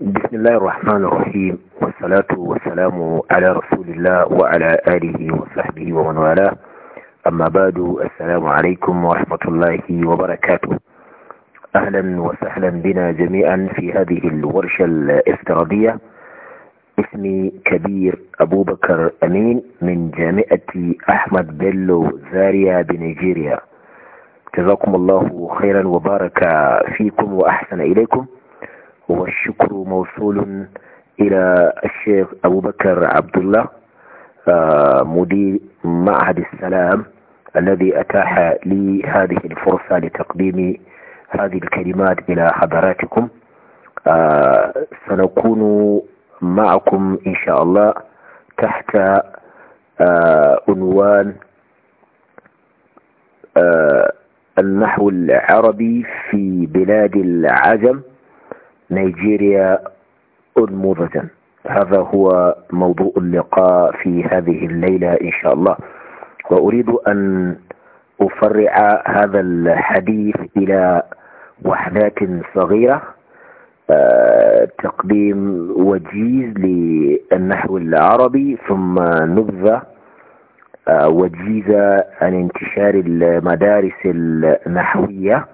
بسم الله الرحمن الرحيم والصلاة والسلام على رسول الله وعلى آله وصحبه ومن والاه أما بعد السلام عليكم ورحمة الله وبركاته أهلا وسهلا بنا جميعا في هذه الورشة الافتراضية اسمي كبير أبو بكر أمين من جامعة أحمد بيلو زاريا بنيجيريا جزاكم الله خيرا وبارك فيكم وأحسن إليكم والشكر موصول إلى الشيخ أبو بكر عبد الله آه، مدير معهد السلام الذي أتاح لي هذه الفرصة لتقديم هذه الكلمات إلى حضراتكم آه، سنكون معكم إن شاء الله تحت آه، عنوان النحو العربي في بلاد العجم نيجيريا أنموذجا هذا هو موضوع اللقاء في هذه الليلة إن شاء الله وأريد أن أفرع هذا الحديث إلى وحدات صغيرة آه، تقديم وجيز للنحو العربي ثم نبذة آه، وجيزة عن انتشار المدارس النحوية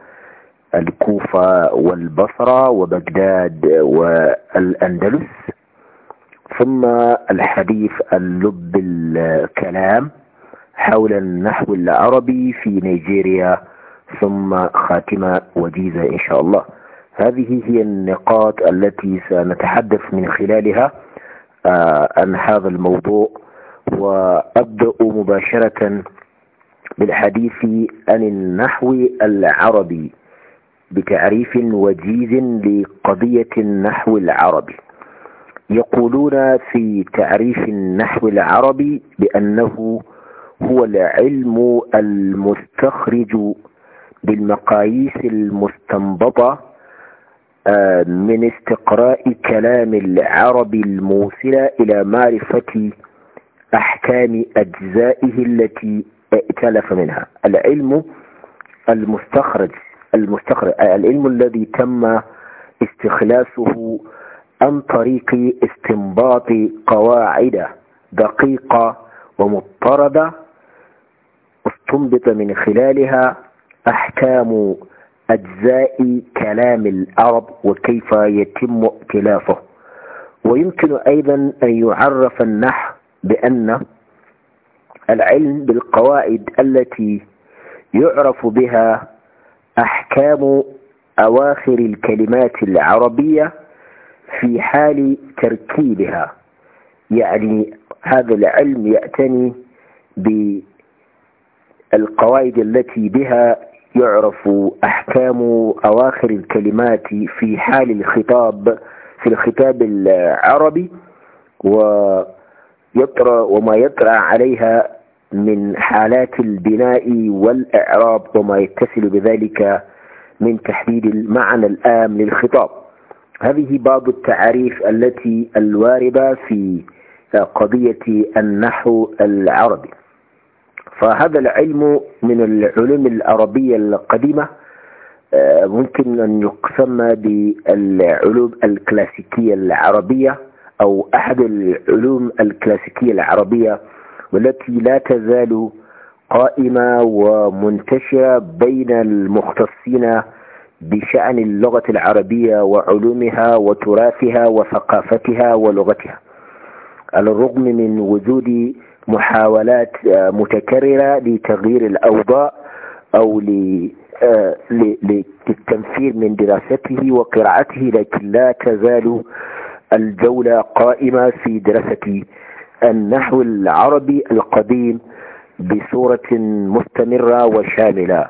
الكوفة والبصرة وبغداد والأندلس ثم الحديث اللب الكلام حول النحو العربي في نيجيريا ثم خاتمة وجيزة إن شاء الله هذه هي النقاط التي سنتحدث من خلالها آه، عن هذا الموضوع وأبدأ مباشرة بالحديث عن النحو العربي بتعريف وجيز لقضية النحو العربي يقولون في تعريف النحو العربي بأنه هو العلم المستخرج بالمقاييس المستنبطة آه، من استقراء كلام العرب الموصلة إلى معرفة أحكام أجزائه التي ائتلف منها العلم المستخرج المستخرج العلم الذي تم استخلافه عن طريق استنباط قواعد دقيقة ومضطردة استنبط من خلالها أحكام أجزاء كلام العرب وكيف يتم ائتلافه ويمكن أيضا أن يعرف النحو بأن العلم بالقواعد التي يعرف بها أحكام أواخر الكلمات العربية في حال تركيبها يعني هذا العلم يأتني بالقواعد التي بها يعرف أحكام أواخر الكلمات في حال الخطاب في الخطاب العربي ويطرأ وما يطرأ عليها من حالات البناء والإعراب وما يتصل بذلك من تحديد المعنى الآم للخطاب هذه بعض التعاريف التي الواردة في قضية النحو العربي فهذا العلم من العلوم العربية القديمة آه، ممكن أن يقسم بالعلوم الكلاسيكية العربية أو أحد العلوم الكلاسيكية العربية والتي لا تزال قائمة ومنتشرة بين المختصين بشأن اللغة العربية وعلومها وتراثها وثقافتها ولغتها على الرغم من وجود محاولات متكررة لتغيير الأوضاع أو آه، للتنفير من دراسته وقراءته لكن لا تزال الجولة قائمة في دراسة النحو العربي القديم بصورة مستمرة وشاملة